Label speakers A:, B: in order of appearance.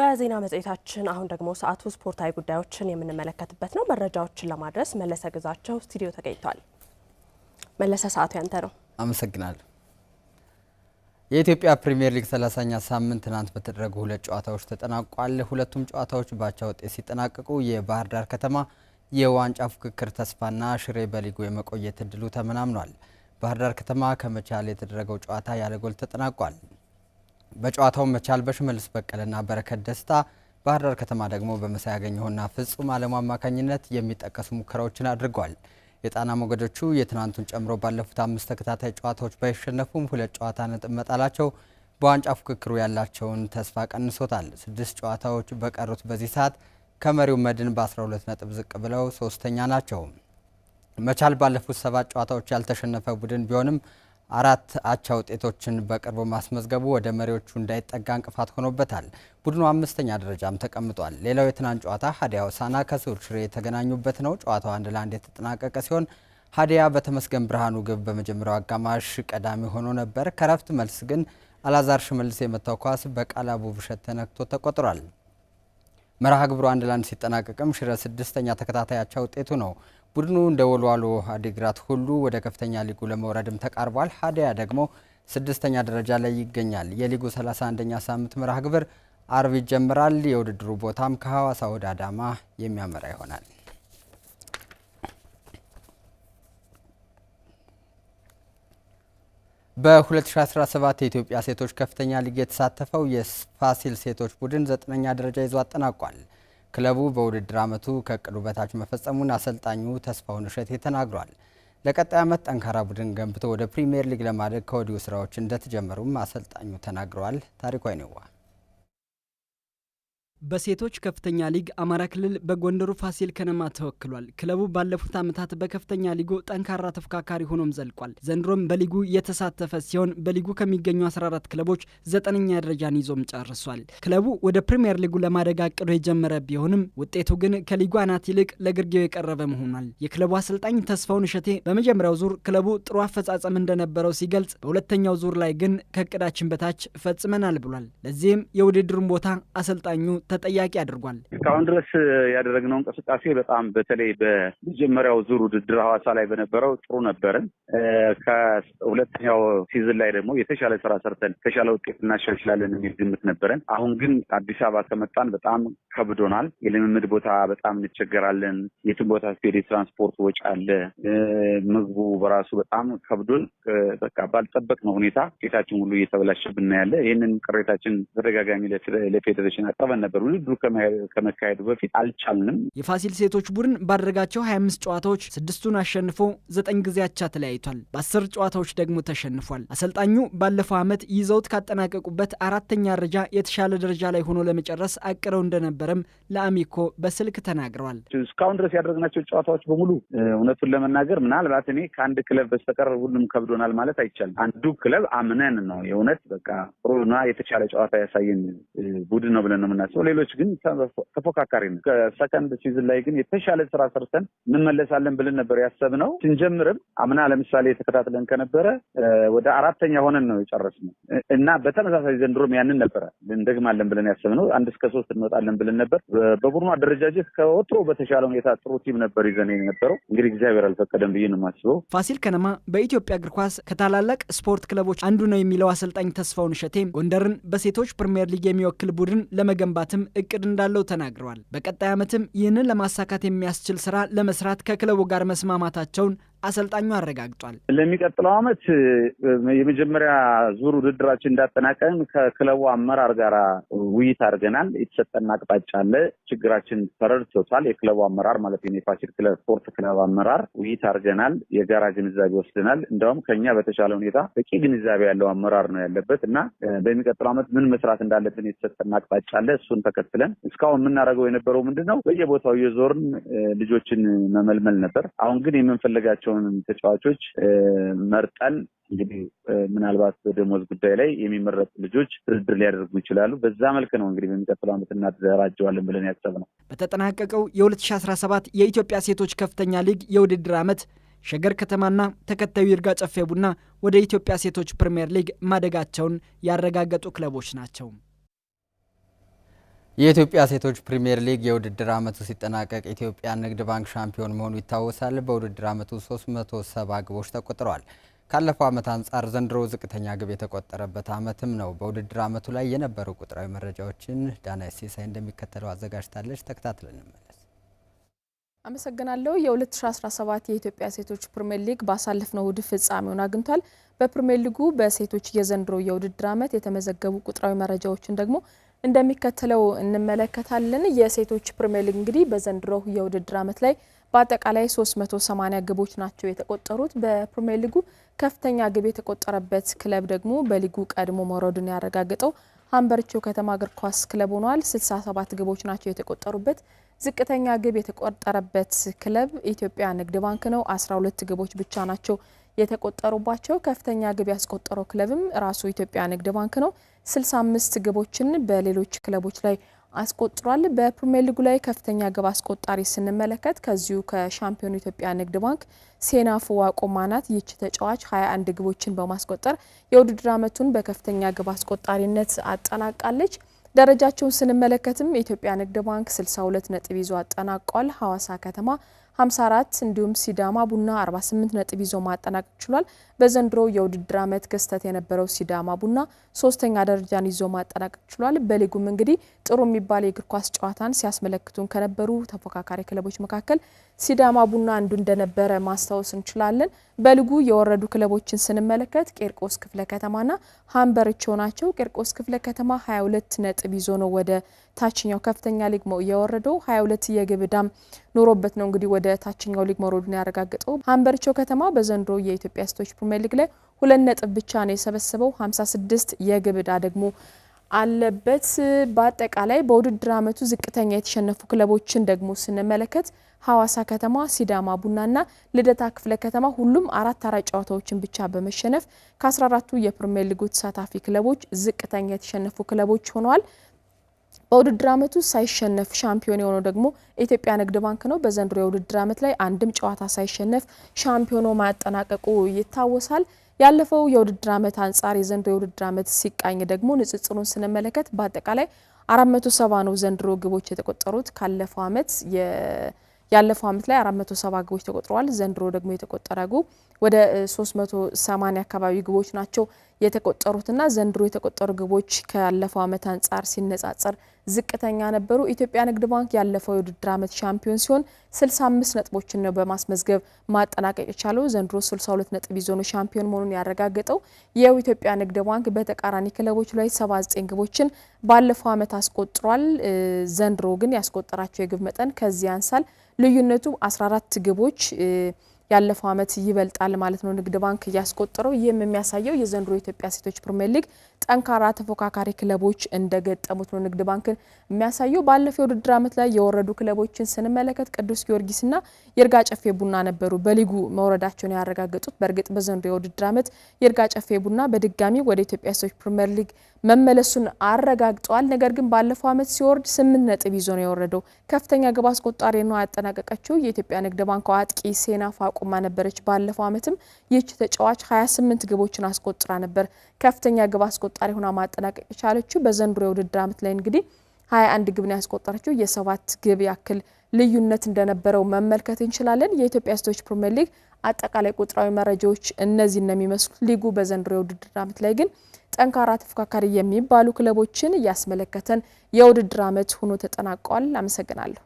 A: በዜና መጽሔታችን አሁን ደግሞ ሰዓቱ ስፖርታዊ ጉዳዮችን የምንመለከትበት ነው። መረጃዎችን ለማድረስ መለሰ ግዛቸው ስቱዲዮ ተገኝቷል። መለሰ፣ ሰዓቱ ያንተ ነው።
B: አመሰግናለሁ። የኢትዮጵያ ፕሪምየር ሊግ 30ኛ ሳምንት ትናንት በተደረጉ ሁለት ጨዋታዎች ተጠናቋል። ሁለቱም ጨዋታዎች በአቻ ውጤት ሲጠናቀቁ የባህር ዳር ከተማ የዋንጫ ፉክክር ተስፋና ሽሬ በሊጉ የመቆየት እድሉ ተመናምኗል። ባህር ዳር ከተማ ከመቻል የተደረገው ጨዋታ ያለ ጎል ተጠናቋል። በጨዋታውን መቻል በሽመልስ በቀለና በረከት ደስታ፣ ባህር ዳር ከተማ ደግሞ በመሳይ ያገኘሁና ፍጹም አለሙ አማካኝነት የሚጠቀሱ ሙከራዎችን አድርጓል። የጣና ሞገዶቹ የትናንቱን ጨምሮ ባለፉት አምስት ተከታታይ ጨዋታዎች ባይሸነፉም ሁለት ጨዋታ ነጥብ መጣላቸው በዋንጫ ፉክክሩ ያላቸውን ተስፋ ቀንሶታል። ስድስት ጨዋታዎች በቀሩት በዚህ ሰዓት ከመሪው መድን በ12 ነጥብ ዝቅ ብለው ሶስተኛ ናቸው። መቻል ባለፉት ሰባት ጨዋታዎች ያልተሸነፈ ቡድን ቢሆንም አራት አቻ ውጤቶችን በቅርቡ ማስመዝገቡ ወደ መሪዎቹ እንዳይጠጋ እንቅፋት ሆኖበታል። ቡድኑ አምስተኛ ደረጃም ተቀምጧል። ሌላው የትናንት ጨዋታ ሀዲያ ሆሳዕና ከስሁል ሽሬ የተገናኙበት ነው። ጨዋታው አንድ ለአንድ የተጠናቀቀ ሲሆን ሀዲያ በተመስገን ብርሃኑ ግብ በመጀመሪያው አጋማሽ ቀዳሚ ሆኖ ነበር። ከረፍት መልስ ግን አላዛር ሽመልስ የመታው ኳስ በቃላቡ ብሸት ተነክቶ ተቆጥሯል። መርሃ ግብሩ አንድ ለአንድ ሲጠናቀቅም ሽረ ስድስተኛ ተከታታይ አቻ ውጤቱ ነው። ቡድኑ እንደ ወልዋሎ አዲግራት ሁሉ ወደ ከፍተኛ ሊጉ ለመውረድም ተቃርቧል። ሀዲያ ደግሞ ስድስተኛ ደረጃ ላይ ይገኛል። የሊጉ 31ኛ ሳምንት መርሃ ግብር አርብ ይጀምራል። የውድድሩ ቦታም ከሐዋሳ ወደ አዳማ የሚያመራ ይሆናል። በ2017 የኢትዮጵያ ሴቶች ከፍተኛ ሊግ የተሳተፈው የፋሲል ሴቶች ቡድን ዘጠነኛ ደረጃ ይዞ አጠናቋል። ክለቡ በውድድር ዓመቱ ከእቅዱ በታች መፈጸሙን አሰልጣኙ ተስፋውን እሸቴ ተናግሯል። ለቀጣይ ዓመት ጠንካራ ቡድን ገንብቶ ወደ ፕሪምየር ሊግ ለማደግ ከወዲሁ ስራዎች እንደተጀመሩም አሰልጣኙ ተናግረዋል። ታሪኳ አይነዋ
C: በሴቶች ከፍተኛ ሊግ አማራ ክልል በጎንደሩ ፋሲል ከነማ ተወክሏል። ክለቡ ባለፉት ዓመታት በከፍተኛ ሊጉ ጠንካራ ተፎካካሪ ሆኖም ዘልቋል። ዘንድሮም በሊጉ የተሳተፈ ሲሆን በሊጉ ከሚገኙ 14 ክለቦች ዘጠነኛ ደረጃን ይዞም ጨርሷል። ክለቡ ወደ ፕሪምየር ሊጉ ለማደግ አቅዶ የጀመረ ቢሆንም ውጤቱ ግን ከሊጉ አናት ይልቅ ለግርጌው የቀረበ መሆኗል። የክለቡ አሰልጣኝ ተስፋውን እሸቴ በመጀመሪያው ዙር ክለቡ ጥሩ አፈጻጸም እንደነበረው ሲገልጽ፣ በሁለተኛው ዙር ላይ ግን ከእቅዳችን በታች ፈጽመናል ብሏል። ለዚህም የውድድሩን ቦታ አሰልጣኙ ተጠያቂ አድርጓል።
D: እስካሁን ድረስ ያደረግነው እንቅስቃሴ በጣም በተለይ በመጀመሪያው ዙር ውድድር ሐዋሳ ላይ በነበረው ጥሩ ነበርን። ከሁለተኛው ሲዝን ላይ ደግሞ የተሻለ ስራ ሰርተን የተሻለ ውጤት እናሻሽላለን የሚል ግምት ነበረን። አሁን ግን አዲስ አበባ ከመጣን በጣም ከብዶናል። የልምምድ ቦታ በጣም እንቸገራለን። የትም ቦታ ስፔድ የትራንስፖርት ወጪ አለ። ምግቡ በራሱ በጣም ከብዶን በቃ ባልጠበቅነው ሁኔታ ውጤታችን ሁሉ እየተበላሸብን ያለ ይህንን ቅሬታችን ተደጋጋሚ ለፌዴሬሽን አቅርበን ነበር። ነበሩ። ውድድሩ ከመካሄዱ በፊት አልቻልንም።
C: የፋሲል ሴቶች ቡድን ባደረጋቸው ሀያ አምስት ጨዋታዎች ስድስቱን አሸንፎ ዘጠኝ ጊዜ አቻ ተለያይቷል። በአስር ጨዋታዎች ደግሞ ተሸንፏል። አሰልጣኙ ባለፈው ዓመት ይዘውት ካጠናቀቁበት አራተኛ ደረጃ የተሻለ ደረጃ ላይ ሆኖ ለመጨረስ አቅረው እንደነበረም ለአሚኮ በስልክ ተናግረዋል።
D: እስካሁን ድረስ ያደረግናቸው ጨዋታዎች በሙሉ እውነቱን ለመናገር ምናልባት እኔ ከአንድ ክለብ በስተቀር ሁሉም ከብዶናል ማለት አይቻልም። አንዱ ክለብ አምነን ነው የእውነት በቃ ጥሩና የተቻለ ጨዋታ ያሳየን ቡድን ነው ብለን ነው የምናስበው። ከሌሎች ግን ተፎካካሪ ነው። ከሰከንድ ሲዝን ላይ ግን የተሻለ ስራ ሰርተን እንመለሳለን ብለን ነበር ያሰብነው። ስንጀምርም አምና ለምሳሌ ተከታትለን ከነበረ ወደ አራተኛ ሆነን ነው የጨረስነው እና በተመሳሳይ ዘንድሮም ያንን ነበረ እንደግማለን ብለን ያሰብነው። አንድ እስከ ሶስት እንወጣለን ብለን ነበር። በቡድኑ አደረጃጀት ከወትሮ በተሻለ ሁኔታ ጥሩ ቲም ነበር ይዘን የነበረው። እንግዲህ እግዚአብሔር አልፈቀደም ብዬ ነው የማስበው።
C: ፋሲል ከነማ በኢትዮጵያ እግር ኳስ ከታላላቅ ስፖርት ክለቦች አንዱ ነው የሚለው አሰልጣኝ ተስፋውን እሸቴ ጎንደርን በሴቶች ፕሪምየር ሊግ የሚወክል ቡድን ለመገንባትም ለማሳካትም እቅድ እንዳለው ተናግረዋል። በቀጣይ ዓመትም ይህንን ለማሳካት የሚያስችል ስራ ለመስራት ከክለቡ ጋር መስማማታቸውን አሰልጣኙ አረጋግጧል።
D: ለሚቀጥለው ዓመት የመጀመሪያ ዙር ውድድራችን እንዳጠናቀን ከክለቡ አመራር ጋር ውይይት አድርገናል። የተሰጠን አቅጣጫ አለ። ችግራችን ተረድቶታል። የክለቡ አመራር ማለት የፋሲል ስፖርት ክለብ አመራር ውይይት አድርገናል። የጋራ ግንዛቤ ወስደናል። እንደውም ከኛ በተሻለ ሁኔታ በቂ ግንዛቤ ያለው አመራር ነው ያለበት እና በሚቀጥለው ዓመት ምን መስራት እንዳለብን የተሰጠን አቅጣጫ አለ። እሱን ተከትለን እስካሁን የምናደርገው የነበረው ምንድን ነው? በየቦታው የዞርን ልጆችን መመልመል ነበር። አሁን ግን የምንፈልጋቸው የምንላቸውንም ተጫዋቾች መርጠን እንግዲህ ምናልባት በደሞዝ ጉዳይ ላይ የሚመረጡ ልጆች ድርድር ሊያደርጉ ይችላሉ። በዛ መልክ ነው እንግዲህ በሚቀጥለው ዓመት እናደራጀዋለን ብለን ያሰብነው።
C: በተጠናቀቀው የ2017 የኢትዮጵያ ሴቶች ከፍተኛ ሊግ የውድድር ዓመት ሸገር ከተማና ተከታዩ ይርጋ ጨፌ ቡና ወደ ኢትዮጵያ ሴቶች ፕሪምየር ሊግ ማደጋቸውን ያረጋገጡ ክለቦች ናቸው።
B: የኢትዮጵያ ሴቶች ፕሪምየር ሊግ የውድድር ዓመቱ ሲጠናቀቅ ኢትዮጵያ ንግድ ባንክ ሻምፒዮን መሆኑ ይታወሳል። በውድድር ዓመቱ 370 ግቦች ተቆጥረዋል። ካለፈው ዓመት አንጻር ዘንድሮ ዝቅተኛ ግብ የተቆጠረበት ዓመትም ነው። በውድድር ዓመቱ ላይ የነበሩ ቁጥራዊ መረጃዎችን ዳናይት ሲሳይ እንደሚከተለው አዘጋጅታለች። ተከታትለን እንመለስ።
A: አመሰግናለሁ። የ2017 የኢትዮጵያ ሴቶች ፕሪምየር ሊግ ባሳለፍነው እሁድ ፍጻሜውን አግኝቷል። በፕሪምየር ሊጉ በሴቶች የዘንድሮ የውድድር ዓመት የተመዘገቡ ቁጥራዊ መረጃዎችን ደግሞ እንደሚከተለው እንመለከታለን። የሴቶች ፕሪሚየር ሊግ እንግዲህ በዘንድሮ የውድድር ዓመት ላይ በአጠቃላይ 380 ግቦች ናቸው የተቆጠሩት። በፕሪሚየር ሊጉ ከፍተኛ ግብ የተቆጠረበት ክለብ ደግሞ በሊጉ ቀድሞ መውረዱን ያረጋገጠው ሀምበርቾ ከተማ እግር ኳስ ክለብ ሆኗል። 67 ግቦች ናቸው የተቆጠሩበት። ዝቅተኛ ግብ የተቆጠረበት ክለብ ኢትዮጵያ ንግድ ባንክ ነው። 12 ግቦች ብቻ ናቸው የተቆጠሩባቸው ከፍተኛ ግብ ያስቆጠረው ክለብም ራሱ ኢትዮጵያ ንግድ ባንክ ነው። 65 ግቦችን በሌሎች ክለቦች ላይ አስቆጥሯል። በፕሪሚየር ሊጉ ላይ ከፍተኛ ግብ አስቆጣሪ ስንመለከት ከዚሁ ከሻምፒዮኑ ኢትዮጵያ ንግድ ባንክ ሴናፉ ዋቆማናት ናት። ተጫዋች 21 ግቦችን በማስቆጠር የውድድር ዓመቱን በከፍተኛ ግብ አስቆጣሪነት አጠናቃለች። ደረጃቸውን ስንመለከትም የኢትዮጵያ ንግድ ባንክ 62 ነጥብ ይዞ አጠናቋል። ሐዋሳ ከተማ 54 እንዲሁም ሲዳማ ቡና 48 ነጥብ ይዞ ማጠናቀቅ ችሏል። በዘንድሮ የውድድር ዓመት ክስተት የነበረው ሲዳማ ቡና ሶስተኛ ደረጃን ይዞ ማጠናቀቅ ችሏል። በሊጉም እንግዲህ ጥሩ የሚባል የእግር ኳስ ጨዋታን ሲያስመለክቱን ከነበሩ ተፎካካሪ ክለቦች መካከል ሲዳማ ቡና አንዱ እንደነበረ ማስታወስ እንችላለን። በልጉ የወረዱ ክለቦችን ስንመለከት ቄርቆስ ክፍለ ከተማና ሀምበርቾ ናቸው። ቄርቆስ ክፍለ ከተማ 22 ነጥብ ይዞ ነው ወደ ታችኛው ከፍተኛ ሊግ የወረደው። 22 የግብ ዳም ኖሮበት ነው እንግዲህ ወደ ታችኛው ሊግ መውረዱን ያረጋግጠው። ሀምበርቾ ከተማ በዘንድሮ የኢትዮጵያ ሴቶች ፕሪሚየር ሊግ ላይ ሁለት ነጥብ ብቻ ነው የሰበሰበው። 56 የግብ ዳ ደግሞ አለበት። በአጠቃላይ በውድድር ዓመቱ ዝቅተኛ የተሸነፉ ክለቦችን ደግሞ ስንመለከት ሐዋሳ ከተማ፣ ሲዳማ ቡናና ልደታ ክፍለ ከተማ ሁሉም አራት አራት ጨዋታዎችን ብቻ በመሸነፍ ከ14ቱ የፕሪሚየር ሊጉ ተሳታፊ ክለቦች ዝቅተኛ የተሸነፉ ክለቦች ሆነዋል። በውድድር ዓመቱ ሳይሸነፍ ሻምፒዮን የሆነው ደግሞ ኢትዮጵያ ንግድ ባንክ ነው። በዘንድሮ የውድድር ዓመት ላይ አንድም ጨዋታ ሳይሸነፍ ሻምፒዮኖ ማጠናቀቁ ይታወሳል። ያለፈው የውድድር ዓመት አንጻር የዘንድሮ የውድድር ዓመት ሲቃኝ ደግሞ ንጽጽሩን ስንመለከት በአጠቃላይ 470 ነው ዘንድሮ ግቦች የተቆጠሩት። ካለፈው ዓመት ያለፈው ዓመት ላይ 470 ግቦች ተቆጥረዋል። ዘንድሮ ደግሞ የተቆጠረ ግብ ወደ 380 አካባቢ ግቦች ናቸው የተቆጠሩትና ዘንድሮ የተቆጠሩ ግቦች ካለፈው ዓመት አንጻር ሲነጻጸር ዝቅተኛ ነበሩ። ኢትዮጵያ ንግድ ባንክ ያለፈው የውድድር ዓመት ሻምፒዮን ሲሆን 65 ነጥቦችን ነው በማስመዝገብ ማጠናቀቅ የቻለው። ዘንድሮ 62 ነጥብ ይዞ ነው ሻምፒዮን መሆኑን ያረጋገጠው። ይኸው ኢትዮጵያ ንግድ ባንክ በተቃራኒ ክለቦች ላይ 79 ግቦችን ባለፈው ዓመት አስቆጥሯል። ዘንድሮ ግን ያስቆጠራቸው የግብ መጠን ከዚህ ያንሳል። ልዩነቱ 14 ግቦች ያለፈው ዓመት ይበልጣል ማለት ነው ንግድ ባንክ እያስቆጠረው። ይህም የሚያሳየው የዘንድሮ የኢትዮጵያ ሴቶች ፕሪሚየር ሊግ ጠንካራ ተፎካካሪ ክለቦች እንደገጠሙት ነው ንግድ ባንክን የሚያሳየው። ባለፈው የውድድር ዓመት ላይ የወረዱ ክለቦችን ስንመለከት ቅዱስ ጊዮርጊስና የእርጋ ጨፌ ቡና ነበሩ በሊጉ መውረዳቸውን ያረጋገጡት። በእርግጥ በዘንድሮ የውድድር አመት የእርጋ ጨፌ ቡና በድጋሚ ወደ ኢትዮጵያ ሴቶች ፕሪሚየር ሊግ መመለሱን አረጋግጠዋል። ነገር ግን ባለፈው ዓመት ሲወርድ ስምንት ነጥብ ይዞ ነው የወረደው። ከፍተኛ ግብ አስቆጣሪ ነው ያጠናቀቀችው የኢትዮጵያ ንግድ ባንክ አጥቂ ሴናፋ ቁማ ነበረች። ባለፈው ዓመትም ይህች ተጫዋች 28 ግቦችን አስቆጥራ ነበር ከፍተኛ ግብ አስቆጣሪ ሆና ማጠናቀቅ የቻለችው። በዘንድሮ የውድድር ዓመት ላይ እንግዲህ 21 ነው ያስቆጠረችው የሰባት ግብ ያክል ልዩነት እንደነበረው መመልከት እንችላለን። የኢትዮጵያ ሴቶች ፕሪምየር ሊግ አጠቃላይ ቁጥራዊ መረጃዎች እነዚህ ነው የሚመስሉት። ሊጉ በዘንድሮ የውድድር ዓመት ላይ ግን ጠንካራ ተፎካካሪ የሚባሉ ክለቦችን እያስመለከተን የውድድር ዓመት ሆኖ ተጠናቋል። አመሰግናለሁ።